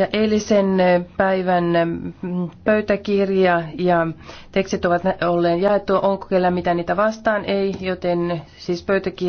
Ja eilisen eh, päivän eh, pöytäkirja ja tekstit ovat olleet jaettu. Onko kellä mitä niitä vastaan? Ei, joten siis pöytäkirja.